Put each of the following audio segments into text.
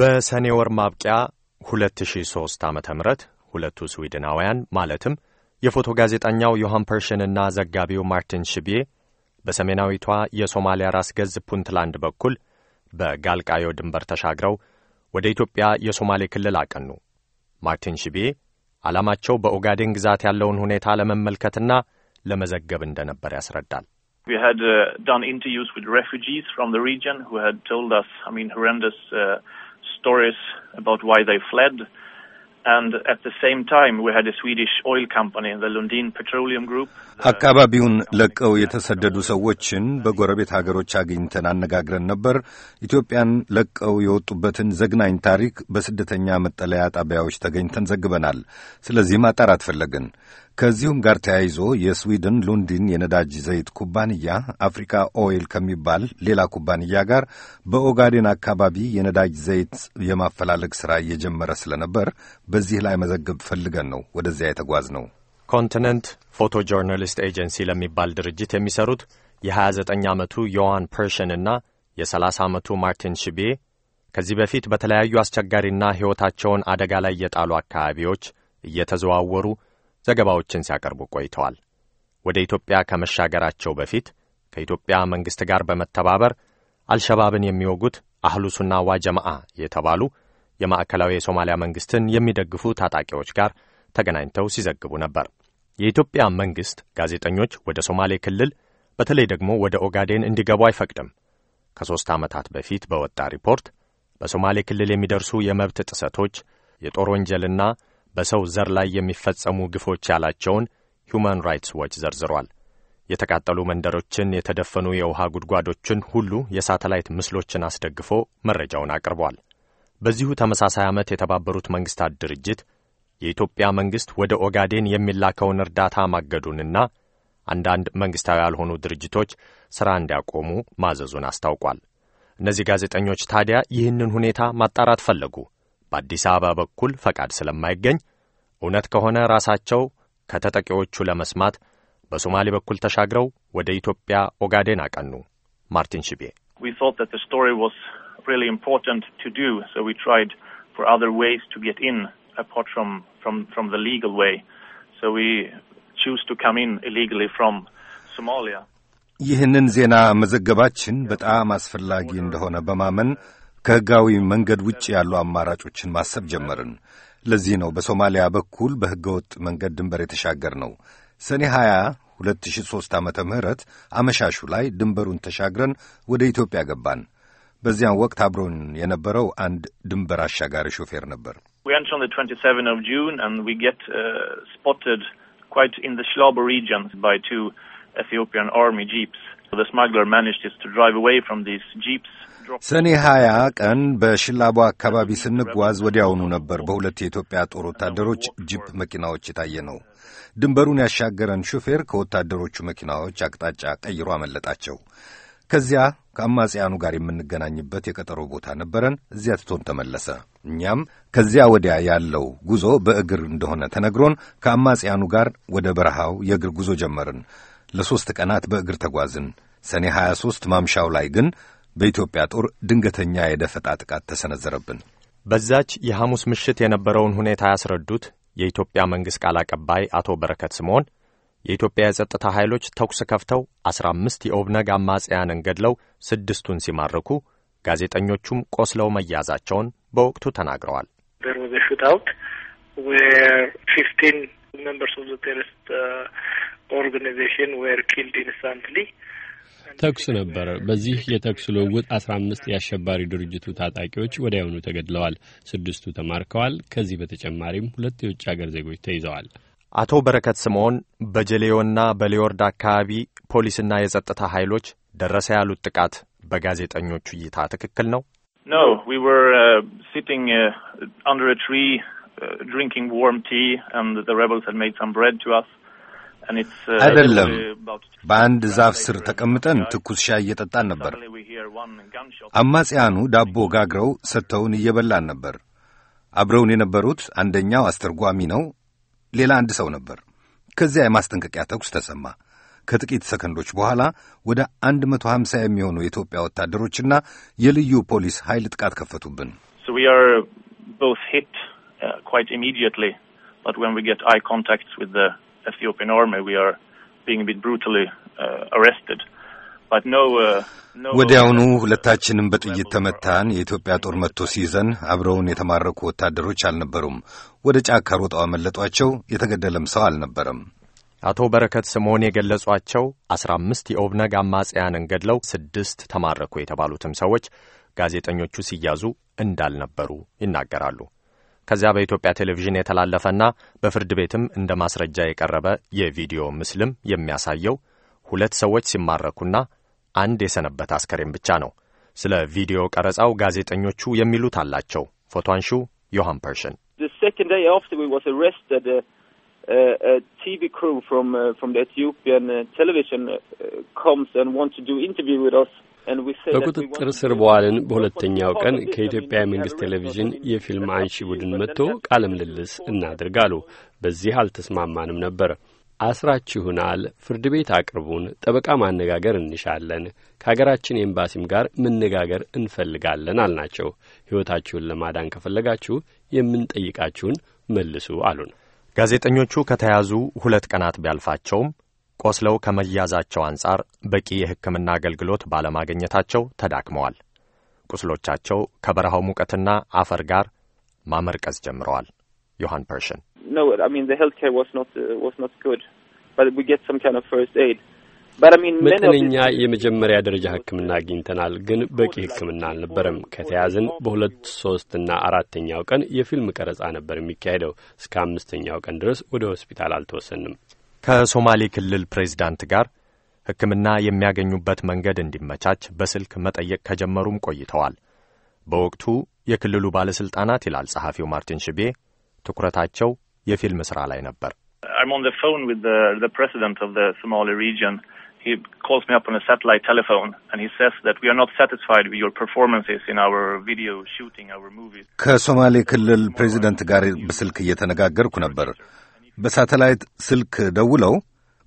በሰኔ ወር ማብቂያ 2003 ዓ ም ሁለቱ ስዊድናውያን ማለትም የፎቶ ጋዜጠኛው ዮሐን ፐርሽንና ዘጋቢው ማርቲን ሽቢዬ በሰሜናዊቷ የሶማሊያ ራስ ገዝ ፑንትላንድ በኩል በጋልቃዮ ድንበር ተሻግረው ወደ ኢትዮጵያ የሶማሌ ክልል አቀኑ። ማርቲን ሽቢዬ ዓላማቸው በኦጋዴን ግዛት ያለውን ሁኔታ ለመመልከትና ለመዘገብ እንደነበር ያስረዳል። We had uh, done interviews with refugees from the region who had told us, I mean, horrendous uh, stories about why they fled. And At the same time, we had a Swedish oil company, the Lundin Petroleum Group. አካባቢውን ለቀው የተሰደዱ ሰዎችን በጎረቤት ሀገሮች አግኝተን አነጋግረን ነበር። ኢትዮጵያን ለቀው የወጡበትን ዘግናኝ ታሪክ በስደተኛ መጠለያ ጣቢያዎች ተገኝተን ዘግበናል። ስለዚህም ማጣራት ፈለግን። ከዚሁም ጋር ተያይዞ የስዊድን ሉንዲን የነዳጅ ዘይት ኩባንያ አፍሪካ ኦይል ከሚባል ሌላ ኩባንያ ጋር በኦጋዴን አካባቢ የነዳጅ ዘይት የማፈላለግ ሥራ እየጀመረ ስለነበር በዚህ ላይ መዘገብ ፈልገን ነው ወደዚያ የተጓዝ ነው። ኮንቲነንት ፎቶ ጆርናሊስት ኤጀንሲ ለሚባል ድርጅት የሚሰሩት የ29 ዓመቱ ዮሐን ፐርሽን እና የ30 ዓመቱ ማርቲን ሽቤ ከዚህ በፊት በተለያዩ አስቸጋሪና ሕይወታቸውን አደጋ ላይ የጣሉ አካባቢዎች እየተዘዋወሩ ዘገባዎችን ሲያቀርቡ ቆይተዋል። ወደ ኢትዮጵያ ከመሻገራቸው በፊት ከኢትዮጵያ መንግሥት ጋር በመተባበር አልሸባብን የሚወጉት አህሉሱና ዋጀማአ የተባሉ የማዕከላዊ የሶማሊያ መንግሥትን የሚደግፉ ታጣቂዎች ጋር ተገናኝተው ሲዘግቡ ነበር። የኢትዮጵያ መንግሥት ጋዜጠኞች ወደ ሶማሌ ክልል በተለይ ደግሞ ወደ ኦጋዴን እንዲገቡ አይፈቅድም። ከሦስት ዓመታት በፊት በወጣ ሪፖርት በሶማሌ ክልል የሚደርሱ የመብት ጥሰቶች፣ የጦር ወንጀልና በሰው ዘር ላይ የሚፈጸሙ ግፎች ያላቸውን ሁማን ራይትስ ዎች ዘርዝሯል። የተቃጠሉ መንደሮችን፣ የተደፈኑ የውሃ ጉድጓዶችን ሁሉ የሳተላይት ምስሎችን አስደግፎ መረጃውን አቅርቧል። በዚሁ ተመሳሳይ ዓመት የተባበሩት መንግሥታት ድርጅት የኢትዮጵያ መንግሥት ወደ ኦጋዴን የሚላከውን እርዳታ ማገዱንና አንዳንድ መንግሥታዊ ያልሆኑ ድርጅቶች ሥራ እንዲያቆሙ ማዘዙን አስታውቋል። እነዚህ ጋዜጠኞች ታዲያ ይህንን ሁኔታ ማጣራት ፈለጉ። በአዲስ አበባ በኩል ፈቃድ ስለማይገኝ እውነት ከሆነ ራሳቸው ከተጠቂዎቹ ለመስማት በሶማሌ በኩል ተሻግረው ወደ ኢትዮጵያ ኦጋዴን አቀኑ። ማርቲን ሽቤ ይህንን ዜና መዘገባችን በጣም አስፈላጊ እንደሆነ በማመን ከሕጋዊ መንገድ ውጭ ያሉ አማራጮችን ማሰብ ጀመርን። ለዚህ ነው በሶማሊያ በኩል በሕገወጥ መንገድ ድንበር የተሻገር ነው። ሰኔ 20 2003 ዓ ምህረት አመሻሹ ላይ ድንበሩን ተሻግረን ወደ ኢትዮጵያ ገባን። በዚያን ወቅት አብሮን የነበረው አንድ ድንበር አሻጋሪ ሾፌር ነበር። ሰኔ 20 ቀን በሽላቦ አካባቢ ስንጓዝ ወዲያውኑ ነበር በሁለት የኢትዮጵያ ጦር ወታደሮች ጂፕ መኪናዎች የታየ ነው። ድንበሩን ያሻገረን ሹፌር ከወታደሮቹ መኪናዎች አቅጣጫ ቀይሮ አመለጣቸው። ከዚያ ከአማጽያኑ ጋር የምንገናኝበት የቀጠሮ ቦታ ነበረን። እዚያ ትቶን ተመለሰ። እኛም ከዚያ ወዲያ ያለው ጉዞ በእግር እንደሆነ ተነግሮን ከአማጽያኑ ጋር ወደ በረሃው የእግር ጉዞ ጀመርን። ለሦስት ቀናት በእግር ተጓዝን። ሰኔ 23 ማምሻው ላይ ግን በኢትዮጵያ ጦር ድንገተኛ የደፈጣ ጥቃት ተሰነዘረብን። በዛች የሐሙስ ምሽት የነበረውን ሁኔታ ያስረዱት የኢትዮጵያ መንግሥት ቃል አቀባይ አቶ በረከት ስምዖን የኢትዮጵያ የጸጥታ ኃይሎች ተኩስ ከፍተው አስራ አምስት የኦብነግ አማጽያንን ገድለው ስድስቱን ሲማርኩ ጋዜጠኞቹም ቆስለው መያዛቸውን በወቅቱ ተናግረዋል። ኦርጋናይዜሽን ዌር ኪልድ ኢንስታንትሊ ተኩስ ነበር። በዚህ የተኩስ ልውውጥ አስራ አምስት የአሸባሪ ድርጅቱ ታጣቂዎች ወዲያውኑ ተገድለዋል፣ ስድስቱ ተማርከዋል። ከዚህ በተጨማሪም ሁለት የውጭ አገር ዜጎች ተይዘዋል። አቶ በረከት ስምዖን በጀሌዮና በሊዮርድ አካባቢ ፖሊስና የጸጥታ ኃይሎች ደረሰ ያሉት ጥቃት በጋዜጠኞቹ እይታ ትክክል ነው? ኖ ዊ ወር ሲቲንግ አንደር ትሪ ድሪንኪንግ ዋርም ቲ አንድ ዘ ሬበልስ ሃድ ሜድ ሰም ብሬድ ቱ አስ Uh, አይደለም። በአንድ ዛፍ ስር uh, ተቀምጠን ትኩስ ሻይ እየጠጣን ነበር። አማጽያኑ ዳቦ ጋግረው ሰጥተውን እየበላን ነበር። አብረውን የነበሩት አንደኛው አስተርጓሚ ነው፣ ሌላ አንድ ሰው ነበር። ከዚያ የማስጠንቀቂያ ተኩስ ተሰማ። ከጥቂት ሰከንዶች በኋላ ወደ 150 የሚሆኑ የኢትዮጵያ ወታደሮችና የልዩ ፖሊስ ኃይል ጥቃት ከፈቱብን። Ethiopian army, we are being a bit brutally uh, arrested. Uh, ወዲያውኑ uh, ሁለታችንም በጥይት ተመታን። የኢትዮጵያ ጦር መጥቶ ሲይዘን አብረውን የተማረኩ ወታደሮች አልነበሩም። ወደ ጫካ ሮጠው አመለጧቸው። የተገደለም ሰው አልነበረም። አቶ በረከት ስምዖን የገለጿቸው አስራ አምስት የኦብነግ አማጽያንን ገድለው ስድስት ተማረኩ የተባሉትም ሰዎች ጋዜጠኞቹ ሲያዙ እንዳልነበሩ ይናገራሉ። ከዚያ በኢትዮጵያ ቴሌቪዥን የተላለፈና በፍርድ ቤትም እንደ ማስረጃ የቀረበ የቪዲዮ ምስልም የሚያሳየው ሁለት ሰዎች ሲማረኩና አንድ የሰነበት አስከሬን ብቻ ነው። ስለ ቪዲዮ ቀረጻው ጋዜጠኞቹ የሚሉት አላቸው። ፎቶ ዮሃን ዮሐን ፐርሽን ቲቪ ክሩ ፍሮም ኢትዮጵያን ቴሌቪዥን ኮምስ ዋንት ቱ ዱ ኢንተርቪው ዊዝ አስ በቁጥጥር ስር በዋልን በሁለተኛው ቀን ከኢትዮጵያ የመንግስት ቴሌቪዥን የፊልም አንሺ ቡድን መጥቶ ቃለ ምልልስ እናድርግ በዚህ አልተስማማንም ነበር። አስራችሁናል፣ ፍርድ ቤት አቅርቡን፣ ጠበቃ ማነጋገር እንሻለን፣ ከሀገራችን ኤምባሲም ጋር መነጋገር እንፈልጋለን አልናቸው። ሕይወታችሁን ለማዳን ከፈለጋችሁ የምንጠይቃችሁን መልሱ አሉን። ጋዜጠኞቹ ከተያዙ ሁለት ቀናት ቢያልፋቸውም ቆስለው ከመያዛቸው አንጻር በቂ የሕክምና አገልግሎት ባለማግኘታቸው ተዳክመዋል። ቁስሎቻቸው ከበረሃው ሙቀትና አፈር ጋር ማመርቀዝ ጀምረዋል። ዮሐን ፐርሽን መጠነኛ የመጀመሪያ ደረጃ ሕክምና አግኝተናል፣ ግን በቂ ሕክምና አልነበረም። ከተያዝን በሁለት ሶስትና አራተኛው ቀን የፊልም ቀረጻ ነበር የሚካሄደው። እስከ አምስተኛው ቀን ድረስ ወደ ሆስፒታል አልተወሰንም። ከሶማሌ ክልል ፕሬዚዳንት ጋር ሕክምና የሚያገኙበት መንገድ እንዲመቻች በስልክ መጠየቅ ከጀመሩም ቆይተዋል። በወቅቱ የክልሉ ባለሥልጣናት ይላል ጸሐፊው ማርቲን ሽቤ፣ ትኩረታቸው የፊልም ሥራ ላይ ነበር። ከሶማሌ ክልል ፕሬዚደንት ጋር በስልክ እየተነጋገርኩ ነበር። በሳተላይት ስልክ ደውለው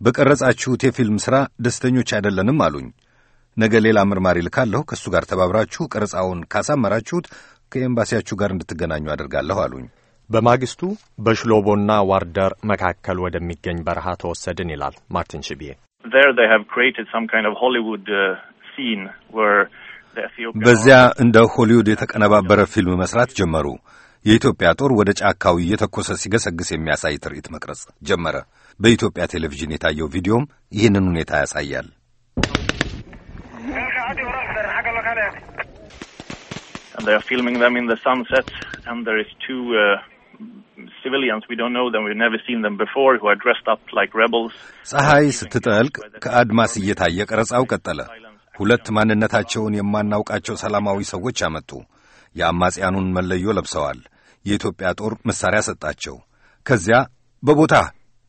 በቀረጻችሁት የፊልም ሥራ ደስተኞች አይደለንም አሉኝ። ነገ ሌላ ምርማሪ ልካለሁ። ከእሱ ጋር ተባብራችሁ ቀረጻውን ካሳመራችሁት ከኤምባሲያችሁ ጋር እንድትገናኙ አድርጋለሁ አሉኝ። በማግስቱ በሽሎቦና ዋርደር መካከል ወደሚገኝ በረሃ ተወሰድን ይላል ማርቲን ሽቢዬ። uh, በዚያ እንደ ሆሊውድ የተቀነባበረ ፊልም መስራት ጀመሩ። የኢትዮጵያ ጦር ወደ ጫካው እየተኮሰ ሲገሰግስ የሚያሳይ ትርኢት መቅረጽ ጀመረ። በኢትዮጵያ ቴሌቪዥን የታየው ቪዲዮም ይህንን ሁኔታ ያሳያል። uh, ፀሐይ ስትጠልቅ ከአድማስ እየታየ ቀረጻው ቀጠለ። ሁለት ማንነታቸውን የማናውቃቸው ሰላማዊ ሰዎች አመጡ። የአማጽያኑን መለዮ ለብሰዋል። የኢትዮጵያ ጦር መሳሪያ ሰጣቸው። ከዚያ በቦታ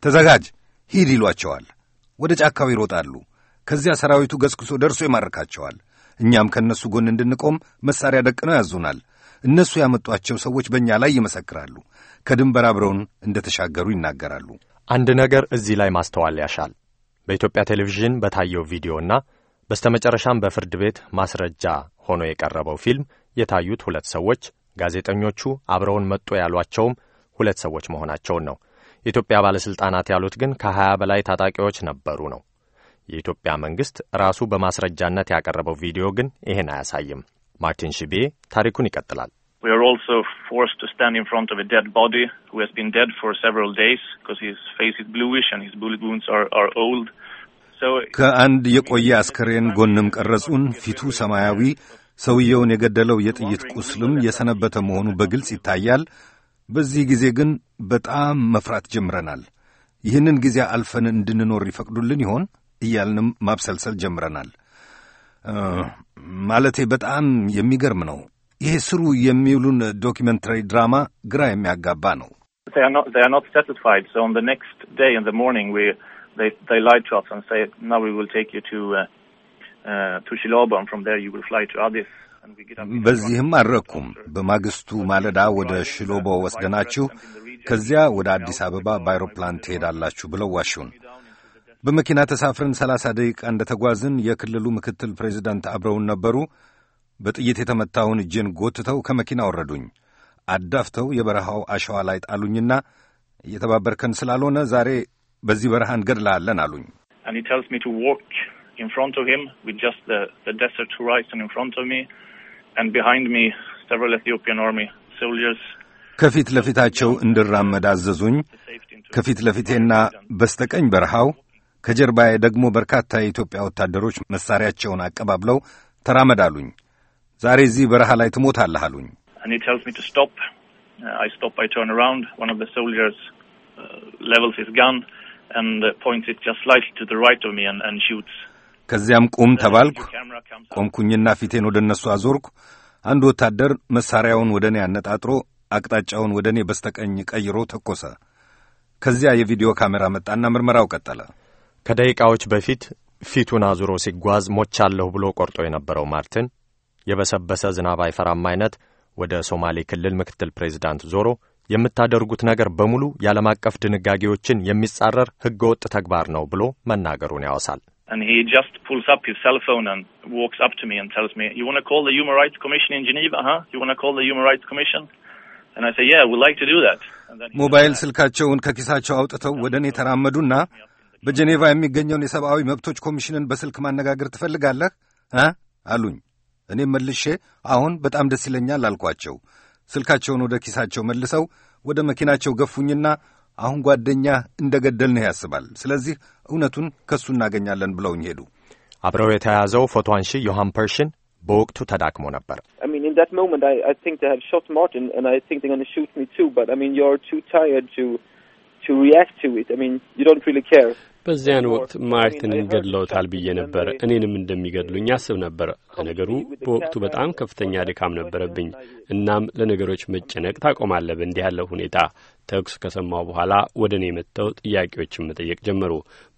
ተዘጋጅ፣ ሂድ ይሏቸዋል። ወደ ጫካው ይሮጣሉ። ከዚያ ሰራዊቱ ገስግሶ ደርሶ ይማርካቸዋል። እኛም ከእነሱ ጎን እንድንቆም መሳሪያ ደቅነው ያዙናል። እነሱ ያመጧቸው ሰዎች በእኛ ላይ ይመሰክራሉ። ከድንበር አብረውን እንደ ተሻገሩ ይናገራሉ። አንድ ነገር እዚህ ላይ ማስተዋል ያሻል። በኢትዮጵያ ቴሌቪዥን በታየው ቪዲዮና መጨረሻም በፍርድ ቤት ማስረጃ ሆኖ የቀረበው ፊልም የታዩት ሁለት ሰዎች ጋዜጠኞቹ አብረውን መጡ ያሏቸውም ሁለት ሰዎች መሆናቸውን ነው። የኢትዮጵያ ባለሥልጣናት ያሉት ግን ከ20 በላይ ታጣቂዎች ነበሩ ነው። የኢትዮጵያ መንግሥት ራሱ በማስረጃነት ያቀረበው ቪዲዮ ግን ይህን አያሳይም። ማርቲን ሽቤ ታሪኩን ይቀጥላል። We are also forced to stand in front of a dead body who has been ከአንድ የቆየ አስከሬን ጎንም ቀረጹን። ፊቱ ሰማያዊ፣ ሰውየውን የገደለው የጥይት ቁስልም የሰነበተ መሆኑ በግልጽ ይታያል። በዚህ ጊዜ ግን በጣም መፍራት ጀምረናል። ይህንን ጊዜ አልፈን እንድንኖር ይፈቅዱልን ይሆን እያልንም ማብሰልሰል ጀምረናል። ማለቴ በጣም የሚገርም ነው። ይሄ ስሩ የሚውሉን ዶኪመንታሪ ድራማ ግራ የሚያጋባ ነው። Uh, to Shilobam. From there you will fly to Addis. በዚህም አረኩም። በማግስቱ ማለዳ ወደ ሽሎቦ ወስደናችሁ ከዚያ ወደ አዲስ አበባ በአይሮፕላን ትሄዳላችሁ ብለው ዋሹን። በመኪና ተሳፍረን ሰላሳ ደቂቃ ተጓዝን የክልሉ ምክትል ፕሬዚዳንት አብረውን ነበሩ። በጥይት የተመታውን እጄን ጎትተው ከመኪና አወረዱኝ። አዳፍተው የበረሃው አሸዋ ላይ ጣሉኝና እየተባበርከን ስላልሆነ ዛሬ በዚህ በረሃ እንገድልሃለን አሉኝ። in front of him with just the, the desert horizon in front of me, and behind me several Ethiopian army soldiers. ከፊት ለፊታቸው እንድራመድ አዘዙኝ። ከፊት ለፊቴና በስተቀኝ በረሃው ከጀርባዬ ደግሞ በርካታ የኢትዮጵያ ወታደሮች መሳሪያቸውን አቀባብለው ተራመድ አሉኝ። ዛሬ እዚህ በረሃ ላይ ትሞታለህ አሉኝ። ከዚያም ቁም ተባልኩ። ቆምኩኝና ፊቴን ወደ እነሱ አዞርኩ። አንድ ወታደር መሣሪያውን ወደ እኔ አነጣጥሮ አቅጣጫውን ወደ እኔ በስተቀኝ ቀይሮ ተኮሰ። ከዚያ የቪዲዮ ካሜራ መጣና ምርመራው ቀጠለ። ከደቂቃዎች በፊት ፊቱን አዙሮ ሲጓዝ ሞቻለሁ ብሎ ቆርጦ የነበረው ማርቲን የበሰበሰ ዝናብ አይፈራም አይነት ወደ ሶማሌ ክልል ምክትል ፕሬዚዳንት ዞሮ የምታደርጉት ነገር በሙሉ የዓለም አቀፍ ድንጋጌዎችን የሚጻረር ሕገወጥ ተግባር ነው ብሎ መናገሩን ያወሳል። And he just pulls up his cell phone and walks up to me and tells me, You want to call the Human Rights Commission in Geneva, huh? You want to call the Human Rights Commission? And I say, Yeah, we'd like to do that. ሞባይል ስልካቸውን ከኪሳቸው አውጥተው ወደ እኔ ተራመዱና በጀኔቫ የሚገኘውን የሰብአዊ መብቶች ኮሚሽንን በስልክ ማነጋገር ትፈልጋለህ አሉኝ። እኔም መልሼ አሁን በጣም ደስ ይለኛል አልኳቸው። ስልካቸውን ወደ ኪሳቸው መልሰው ወደ መኪናቸው ገፉኝና አሁን ጓደኛ እንደ ገደልንህ ያስባል። ስለዚህ እውነቱን ከእሱ እናገኛለን ብለውኝ ሄዱ። አብረው የተያዘው ፎቶ አንሺ ዮሐን ፐርሽን በወቅቱ ተዳክሞ ነበር። በዚያን ወቅት ማርቲንን ገድለውታል ብዬ ነበር። እኔንም እንደሚገድሉኝ አስብ ነበር። ለነገሩ በወቅቱ በጣም ከፍተኛ ድካም ነበረብኝ። እናም ለነገሮች መጨነቅ ታቆማለ በእንዲህ ያለው ሁኔታ። ተኩስ ከሰማው በኋላ ወደ እኔ መጥተው ጥያቄዎችን መጠየቅ ጀመሩ።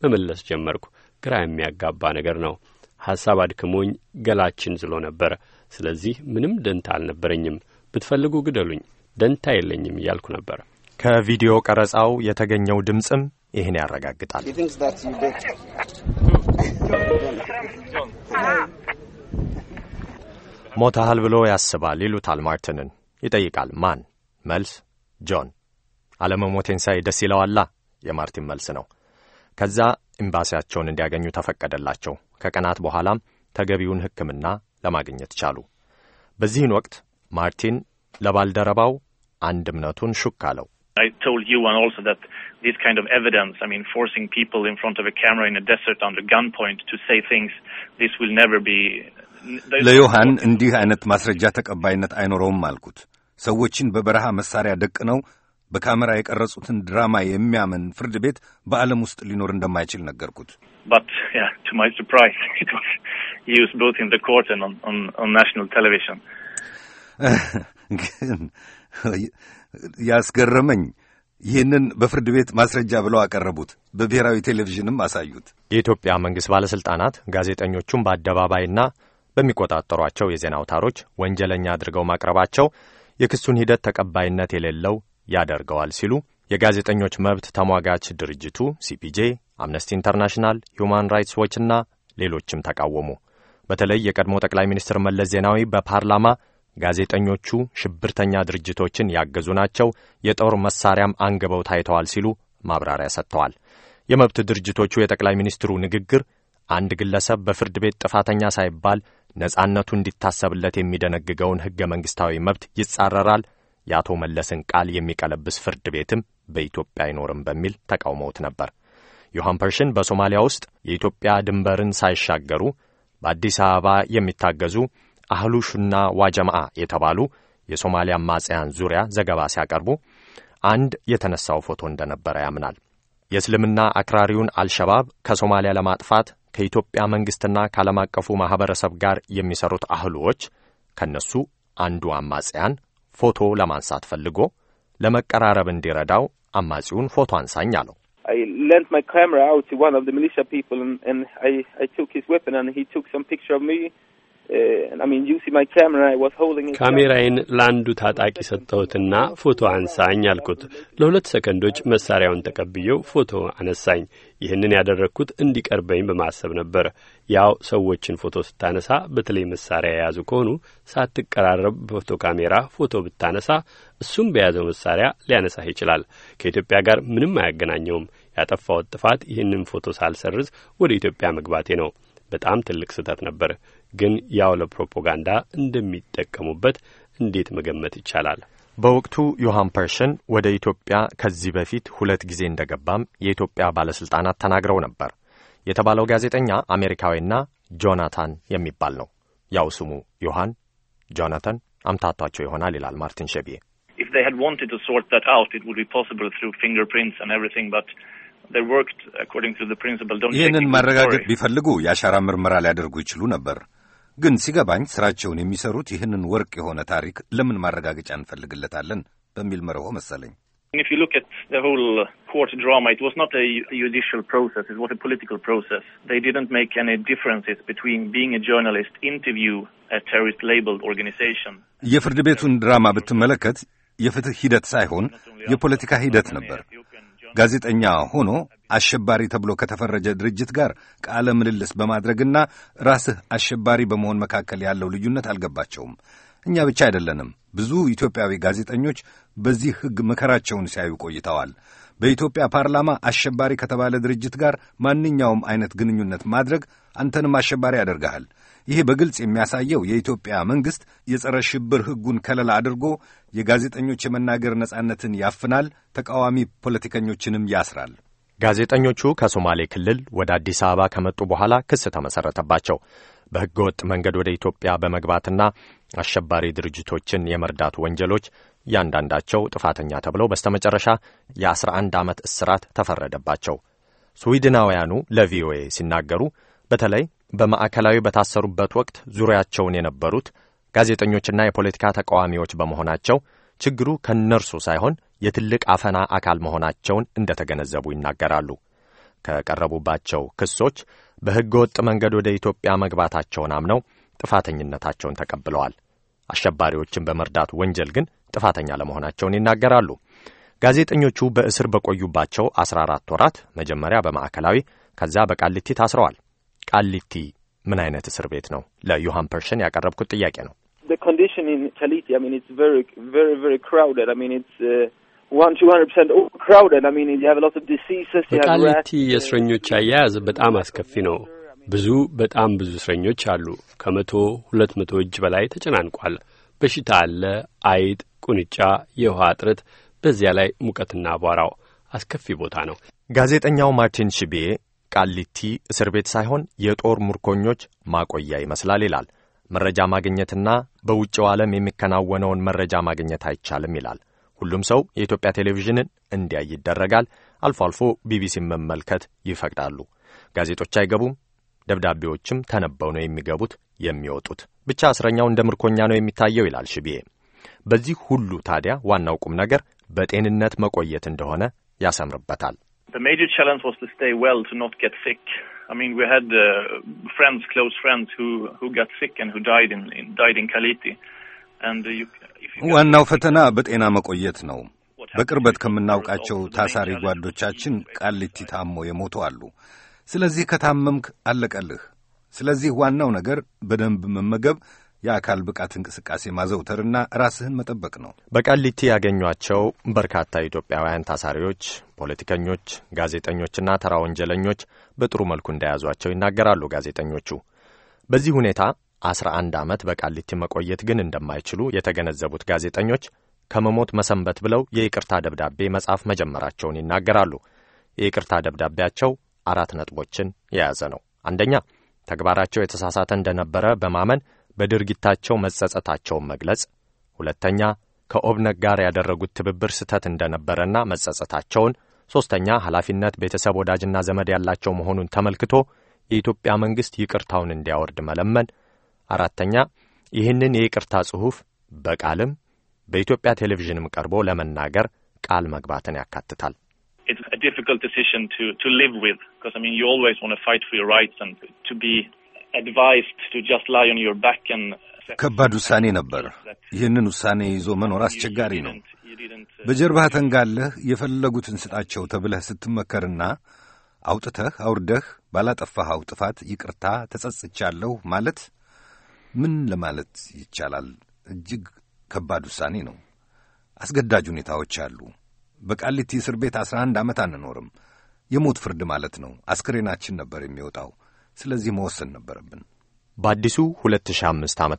መመለስ ጀመርኩ። ግራ የሚያጋባ ነገር ነው። ሐሳብ አድክሞኝ ገላችን ዝሎ ነበር። ስለዚህ ምንም ደንታ አልነበረኝም። ብትፈልጉ ግደሉኝ፣ ደንታ የለኝም እያልኩ ነበር። ከቪዲዮ ቀረጻው የተገኘው ድምፅም ይህን ያረጋግጣል። ሞታሃል ብሎ ያስባል ይሉታል ማርቲንን። ይጠይቃል ማን? መልስ ጆን። አለመሞቴን ሳይ ደስ ይለዋላ የማርቲን መልስ ነው። ከዛ ኤምባሲያቸውን እንዲያገኙ ተፈቀደላቸው። ከቀናት በኋላም ተገቢውን ሕክምና ለማግኘት ቻሉ። በዚህን ወቅት ማርቲን ለባልደረባው አንድ እምነቱን ሹክ አለው። this kind of evidence. I mean, forcing people in front of a camera in a desert under gunpoint to say things, this will never be... ለዮሐን እንዲህ አይነት ማስረጃ ተቀባይነት አይኖረውም አልኩት። ሰዎችን በበረሃ መሳሪያ ደቅነው በካሜራ የቀረጹትን ድራማ የሚያምን ፍርድ ቤት በዓለም ውስጥ ሊኖር እንደማይችል ነገርኩት። but yeah, to my surprise, was used both in the court and on, on, national television. ያስገረመኝ ይህንን በፍርድ ቤት ማስረጃ ብለው አቀረቡት። በብሔራዊ ቴሌቪዥንም አሳዩት። የኢትዮጵያ መንግሥት ባለሥልጣናት ጋዜጠኞቹን በአደባባይና በሚቆጣጠሯቸው የዜና አውታሮች ወንጀለኛ አድርገው ማቅረባቸው የክሱን ሂደት ተቀባይነት የሌለው ያደርገዋል ሲሉ የጋዜጠኞች መብት ተሟጋች ድርጅቱ ሲፒጄ፣ አምነስቲ ኢንተርናሽናል፣ ሁማን ራይትስ ዎችና ሌሎችም ተቃወሙ። በተለይ የቀድሞ ጠቅላይ ሚኒስትር መለስ ዜናዊ በፓርላማ ጋዜጠኞቹ ሽብርተኛ ድርጅቶችን ያገዙ ናቸው፣ የጦር መሳሪያም አንግበው ታይተዋል ሲሉ ማብራሪያ ሰጥተዋል። የመብት ድርጅቶቹ የጠቅላይ ሚኒስትሩ ንግግር አንድ ግለሰብ በፍርድ ቤት ጥፋተኛ ሳይባል ነጻነቱ እንዲታሰብለት የሚደነግገውን ሕገ መንግሥታዊ መብት ይጻረራል፣ የአቶ መለስን ቃል የሚቀለብስ ፍርድ ቤትም በኢትዮጵያ አይኖርም በሚል ተቃውመውት ነበር። ዮሐን ፐርሽን በሶማሊያ ውስጥ የኢትዮጵያ ድንበርን ሳይሻገሩ በአዲስ አበባ የሚታገዙ አህሉሹና ዋጀማአ የተባሉ የሶማሊያ አማጽያን ዙሪያ ዘገባ ሲያቀርቡ አንድ የተነሳው ፎቶ እንደነበረ ያምናል። የእስልምና አክራሪውን አልሸባብ ከሶማሊያ ለማጥፋት ከኢትዮጵያ መንግሥትና ከዓለም አቀፉ ማኅበረሰብ ጋር የሚሠሩት አህሉዎች ከእነሱ አንዱ አማጽያን ፎቶ ለማንሳት ፈልጎ ለመቀራረብ እንዲረዳው አማጺውን ፎቶ አንሳኝ አለው። Uh, ካሜራዬን ለአንዱ ታጣቂ ሰጠሁትና ፎቶ አንሳኝ አልኩት። ለሁለት ሰከንዶች መሳሪያውን ተቀብየው ፎቶ አነሳኝ። ይህንን ያደረግኩት እንዲቀርበኝ በማሰብ ነበር። ያው ሰዎችን ፎቶ ስታነሳ፣ በተለይ መሳሪያ የያዙ ከሆኑ ሳትቀራረብ በፎቶ ካሜራ ፎቶ ብታነሳ፣ እሱም በያዘው መሳሪያ ሊያነሳህ ይችላል። ከኢትዮጵያ ጋር ምንም አያገናኘውም። ያጠፋሁት ጥፋት ይህንን ፎቶ ሳልሰርዝ ወደ ኢትዮጵያ መግባቴ ነው። በጣም ትልቅ ስህተት ነበር። ግን ያው ለፕሮፓጋንዳ እንደሚጠቀሙበት እንዴት መገመት ይቻላል? በወቅቱ ዮሐን ፐርሽን ወደ ኢትዮጵያ ከዚህ በፊት ሁለት ጊዜ እንደገባም የኢትዮጵያ ባለሥልጣናት ተናግረው ነበር። የተባለው ጋዜጠኛ አሜሪካዊና ጆናታን የሚባል ነው። ያው ስሙ ዮሐን ጆናታን አምታቷቸው ይሆናል ይላል ማርቲን ሸቢዬ። ይህንን ማረጋገጥ ቢፈልጉ የአሻራ ምርመራ ሊያደርጉ ይችሉ ነበር። ግን ሲገባኝ ስራቸውን የሚሰሩት ይህንን ወርቅ የሆነ ታሪክ ለምን ማረጋገጫ እንፈልግለታለን በሚል መርሆ መሰለኝ። የፍርድ ቤቱን ድራማ ብትመለከት የፍትህ ሂደት ሳይሆን የፖለቲካ ሂደት ነበር። ጋዜጠኛ ሆኖ አሸባሪ ተብሎ ከተፈረጀ ድርጅት ጋር ቃለ ምልልስ በማድረግና ራስህ አሸባሪ በመሆን መካከል ያለው ልዩነት አልገባቸውም። እኛ ብቻ አይደለንም። ብዙ ኢትዮጵያዊ ጋዜጠኞች በዚህ ሕግ መከራቸውን ሲያዩ ቆይተዋል። በኢትዮጵያ ፓርላማ አሸባሪ ከተባለ ድርጅት ጋር ማንኛውም አይነት ግንኙነት ማድረግ አንተንም አሸባሪ ያደርግሃል። ይህ በግልጽ የሚያሳየው የኢትዮጵያ መንግሥት የጸረ ሽብር ሕጉን ከለላ አድርጎ የጋዜጠኞች የመናገር ነጻነትን ያፍናል፣ ተቃዋሚ ፖለቲከኞችንም ያስራል። ጋዜጠኞቹ ከሶማሌ ክልል ወደ አዲስ አበባ ከመጡ በኋላ ክስ ተመሠረተባቸው። ወጥ መንገድ ወደ ኢትዮጵያ በመግባትና አሸባሪ ድርጅቶችን የመርዳቱ ወንጀሎች እያንዳንዳቸው ጥፋተኛ ተብለው በስተመጨረሻ የ11 ዓመት እስራት ተፈረደባቸው። ስዊድናውያኑ ለቪኦኤ ሲናገሩ በተለይ በማዕከላዊ በታሰሩበት ወቅት ዙሪያቸውን የነበሩት ጋዜጠኞችና የፖለቲካ ተቃዋሚዎች በመሆናቸው ችግሩ ከእነርሱ ሳይሆን የትልቅ አፈና አካል መሆናቸውን እንደተገነዘቡ ይናገራሉ። ከቀረቡባቸው ክሶች በሕገ ወጥ መንገድ ወደ ኢትዮጵያ መግባታቸውን አምነው ጥፋተኝነታቸውን ተቀብለዋል። አሸባሪዎችን በመርዳት ወንጀል ግን ጥፋተኛ ለመሆናቸውን ይናገራሉ። ጋዜጠኞቹ በእስር በቆዩባቸው 14 ወራት መጀመሪያ በማዕከላዊ ከዚያ በቃሊቲ ታስረዋል። ቃሊቲ ምን አይነት እስር ቤት ነው? ለዮሐን ፐርሽን ያቀረብኩት ጥያቄ ነው። በቃሊቲ የእስረኞች አያያዝ በጣም አስከፊ ነው። ብዙ በጣም ብዙ እስረኞች አሉ። ከመቶ ሁለት መቶ እጅ በላይ ተጨናንቋል። በሽታ አለ፣ አይጥ፣ ቁንጫ፣ የውሃ እጥረት፣ በዚያ ላይ ሙቀትና አቧራው አስከፊ ቦታ ነው። ጋዜጠኛው ማርቲን ሽቤ ቃሊቲ እስር ቤት ሳይሆን የጦር ምርኮኞች ማቆያ ይመስላል ይላል። መረጃ ማግኘትና በውጭው ዓለም የሚከናወነውን መረጃ ማግኘት አይቻልም ይላል። ሁሉም ሰው የኢትዮጵያ ቴሌቪዥንን እንዲያይ ይደረጋል። አልፎ አልፎ ቢቢሲን መመልከት ይፈቅዳሉ። ጋዜጦች አይገቡም። ደብዳቤዎችም ተነበው ነው የሚገቡት የሚወጡት። ብቻ እስረኛው እንደ ምርኮኛ ነው የሚታየው ይላል ሽቢዬ። በዚህ ሁሉ ታዲያ ዋናው ቁም ነገር በጤንነት መቆየት እንደሆነ ያሰምርበታል። The major challenge was to stay well, to not get sick. I mean, we had uh, friends, close friends, who who got sick and who died in, in died in Kaliti. And uh, you, if you ዋናው ፈተና በጤና መቆየት ነው። በቅርበት ከምናውቃቸው ታሳሪ ጓዶቻችን ቃሊቲ ታሞ የሞቱ አሉ። ስለዚህ ከታመምክ አለቀልህ። ስለዚህ ዋናው ነገር በደንብ መመገብ የአካል ብቃት እንቅስቃሴ ማዘውተርና ራስህን መጠበቅ ነው። በቃሊቲ ያገኟቸው በርካታ ኢትዮጵያውያን ታሳሪዎች፣ ፖለቲከኞች፣ ጋዜጠኞችና ተራ ወንጀለኞች በጥሩ መልኩ እንደያዟቸው ይናገራሉ ጋዜጠኞቹ። በዚህ ሁኔታ አስራ አንድ ዓመት በቃሊቲ መቆየት ግን እንደማይችሉ የተገነዘቡት ጋዜጠኞች ከመሞት መሰንበት ብለው የይቅርታ ደብዳቤ መጻፍ መጀመራቸውን ይናገራሉ። የይቅርታ ደብዳቤያቸው አራት ነጥቦችን የያዘ ነው። አንደኛ ተግባራቸው የተሳሳተ እንደነበረ በማመን በድርጊታቸው መጸጸታቸውን መግለጽ፣ ሁለተኛ ከኦብነግ ጋር ያደረጉት ትብብር ስህተት እንደነበረና መጸጸታቸውን፣ ሦስተኛ ኃላፊነት ቤተሰብ ወዳጅና ዘመድ ያላቸው መሆኑን ተመልክቶ የኢትዮጵያ መንግሥት ይቅርታውን እንዲያወርድ መለመን፣ አራተኛ ይህንን የይቅርታ ጽሑፍ በቃልም በኢትዮጵያ ቴሌቪዥንም ቀርቦ ለመናገር ቃል መግባትን ያካትታል። ከባድ ውሳኔ ነበር። ይህንን ውሳኔ ይዞ መኖር አስቸጋሪ ነው። በጀርባህ ተንጋለህ የፈለጉትን ስጣቸው ተብለህ ስትመከርና አውጥተህ አውርደህ ባላጠፋኸው ጥፋት ይቅርታ ተጸጽቻለሁ ማለት ምን ለማለት ይቻላል? እጅግ ከባድ ውሳኔ ነው። አስገዳጅ ሁኔታዎች አሉ። በቃሊቲ እስር ቤት አስራ አንድ ዓመት አንኖርም። የሞት ፍርድ ማለት ነው። አስክሬናችን ነበር የሚወጣው። ስለዚህ መወሰን ነበረብን። በአዲሱ 2005 ዓ ም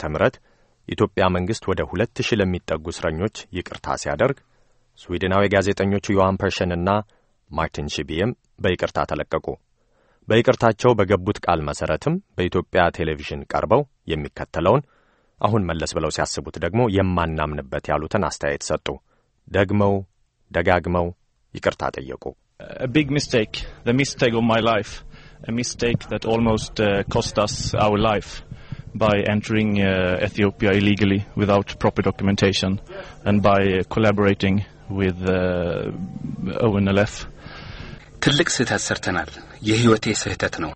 ኢትዮጵያ መንግሥት ወደ 2000 ለሚጠጉ እስረኞች ይቅርታ ሲያደርግ ስዊድናዊ ጋዜጠኞቹ ዮሐን ፐርሸንና ማርቲን ሺቢየም በይቅርታ ተለቀቁ። በይቅርታቸው በገቡት ቃል መሠረትም በኢትዮጵያ ቴሌቪዥን ቀርበው የሚከተለውን አሁን መለስ ብለው ሲያስቡት ደግሞ የማናምንበት ያሉትን አስተያየት ሰጡ። ደግመው ደጋግመው ይቅርታ ጠየቁ። ቢግ ሚስቴክ ሚስቴክ ኦፍ ማይ ላይፍ a mistake that almost uh, cost us our life by entering uh, Ethiopia illegally without proper documentation and by uh, collaborating with ONLF. ትልቅ ስህተት ሰርተናል። የህይወቴ ስህተት ነው።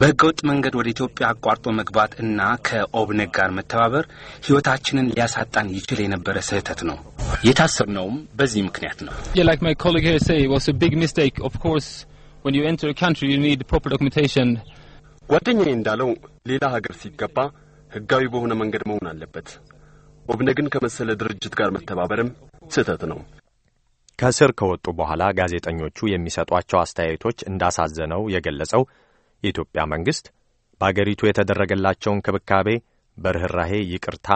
በህገወጥ መንገድ ወደ ኢትዮጵያ አቋርጦ መግባት እና ከኦብነግ ጋር መተባበር ህይወታችንን ሊያሳጣን ይችል የነበረ ስህተት ነው። የታሰርነውም በዚህ ምክንያት ነው። when you enter a country you need proper documentation ጓደኛዬ እንዳለው ሌላ ሀገር ሲገባ ህጋዊ በሆነ መንገድ መሆን አለበት። ኦብነግን ከመሰለ ድርጅት ጋር መተባበርም ስህተት ነው። ከእስር ከወጡ በኋላ ጋዜጠኞቹ የሚሰጧቸው አስተያየቶች እንዳሳዘነው የገለጸው የኢትዮጵያ መንግሥት በአገሪቱ የተደረገላቸው እንክብካቤ በርኅራሄ ይቅርታ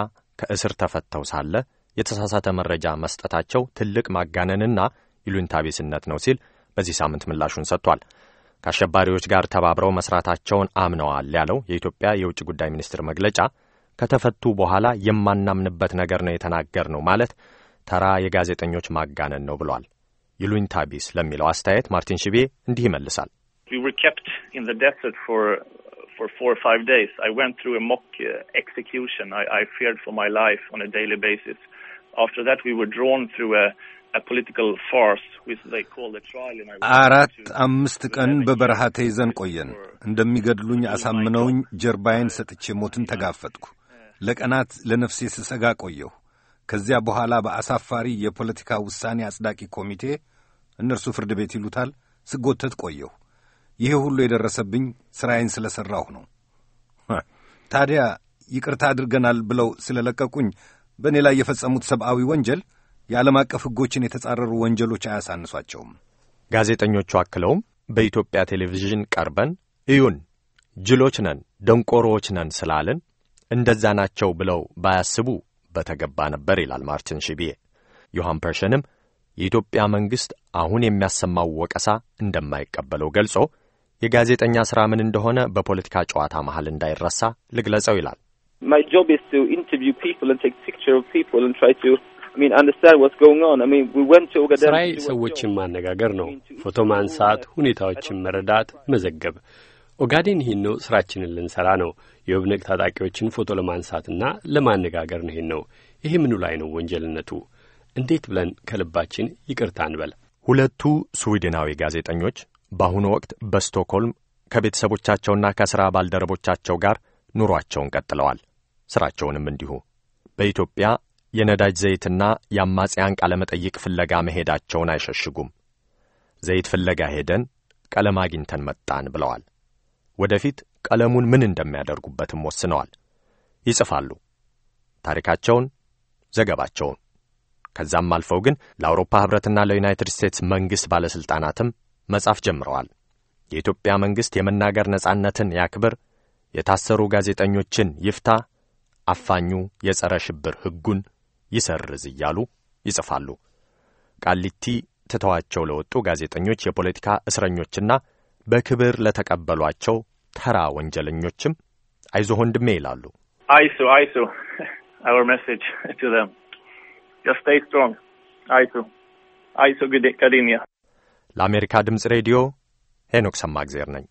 ከእስር ተፈተው ሳለ የተሳሳተ መረጃ መስጠታቸው ትልቅ ማጋነንና ይሉኝታቢስነት ነው ሲል በዚህ ሳምንት ምላሹን ሰጥቷል። ከአሸባሪዎች ጋር ተባብረው መስራታቸውን አምነዋል ያለው የኢትዮጵያ የውጭ ጉዳይ ሚኒስትር መግለጫ ከተፈቱ በኋላ የማናምንበት ነገር ነው የተናገር ነው ማለት ተራ የጋዜጠኞች ማጋነን ነው ብሏል። ይሉኝታ ቢስ ለሚለው አስተያየት ማርቲን ሽቤ እንዲህ ይመልሳል። አራት አምስት ቀን በበረሃ ተይዘን ቆየን። እንደሚገድሉኝ አሳምነውኝ ጀርባዬን ሰጥቼ ሞትን ተጋፈጥኩ። ለቀናት ለነፍሴ ስሰጋ ቆየሁ። ከዚያ በኋላ በአሳፋሪ የፖለቲካ ውሳኔ አጽዳቂ ኮሚቴ እነርሱ ፍርድ ቤት ይሉታል ስጎተት ቆየሁ። ይሄ ሁሉ የደረሰብኝ ሥራዬን ስለ ሠራሁ ነው። ታዲያ ይቅርታ አድርገናል ብለው ስለ ለቀቁኝ በእኔ ላይ የፈጸሙት ሰብአዊ ወንጀል የዓለም አቀፍ ሕጎችን የተጻረሩ ወንጀሎች አያሳንሷቸውም። ጋዜጠኞቹ አክለውም በኢትዮጵያ ቴሌቪዥን ቀርበን እዩን፣ ጅሎች ነን፣ ደንቆሮዎች ነን ስላልን እንደዛ ናቸው ብለው ባያስቡ በተገባ ነበር ይላል ማርቲን ሺቢዬ። ዮሐን ፐርሸንም የኢትዮጵያ መንግሥት አሁን የሚያሰማው ወቀሳ እንደማይቀበለው ገልጾ የጋዜጠኛ ሥራ ምን እንደሆነ በፖለቲካ ጨዋታ መሃል እንዳይረሳ ልግለጸው ይላል። My job is to interview people and take picture of people and try to ስራዬ ሰዎችን ማነጋገር ነው። ፎቶ ማንሳት፣ ሁኔታዎችን መረዳት፣ መዘገብ። ኦጋዴን ይህን ነው ስራችንን ልንሰራ ነው። የኦብነግ ታጣቂዎችን ፎቶ ለማንሳትና ለማነጋገር ነው። ይህን ነው። ይህ ምኑ ላይ ነው ወንጀልነቱ? እንዴት ብለን ከልባችን ይቅርታ እንበል? ሁለቱ ስዊድናዊ ጋዜጠኞች በአሁኑ ወቅት በስቶክሆልም ከቤተሰቦቻቸውና ከሥራ ባልደረቦቻቸው ጋር ኑሯቸውን ቀጥለዋል። ሥራቸውንም እንዲሁ። በኢትዮጵያ የነዳጅ ዘይትና የአማጽያን ቃለመጠይቅ ፍለጋ መሄዳቸውን አይሸሽጉም። ዘይት ፍለጋ ሄደን ቀለም አግኝተን መጣን ብለዋል። ወደፊት ቀለሙን ምን እንደሚያደርጉበትም ወስነዋል። ይጽፋሉ ታሪካቸውን፣ ዘገባቸውን። ከዛም አልፈው ግን ለአውሮፓ ኅብረትና ለዩናይትድ ስቴትስ መንግሥት ባለሥልጣናትም መጻፍ ጀምረዋል። የኢትዮጵያ መንግሥት የመናገር ነጻነትን ያክብር፣ የታሰሩ ጋዜጠኞችን ይፍታ፣ አፋኙ የጸረ ሽብር ሕጉን ይሰርዝ እያሉ ይጽፋሉ። ቃሊቲ ትተዋቸው ለወጡ ጋዜጠኞች፣ የፖለቲካ እስረኞችና በክብር ለተቀበሏቸው ተራ ወንጀለኞችም አይዞ ወንድሜ ይላሉ። አይሶ አይሶ አወር ሜሴጅ ቱ them ጀስት ስቴይ ስትሮንግ አይሶ አይሶ ግዴ ቀዲንያ ለአሜሪካ ድምፅ ሬዲዮ ሄኖክ ሰማእግዜር ነኝ።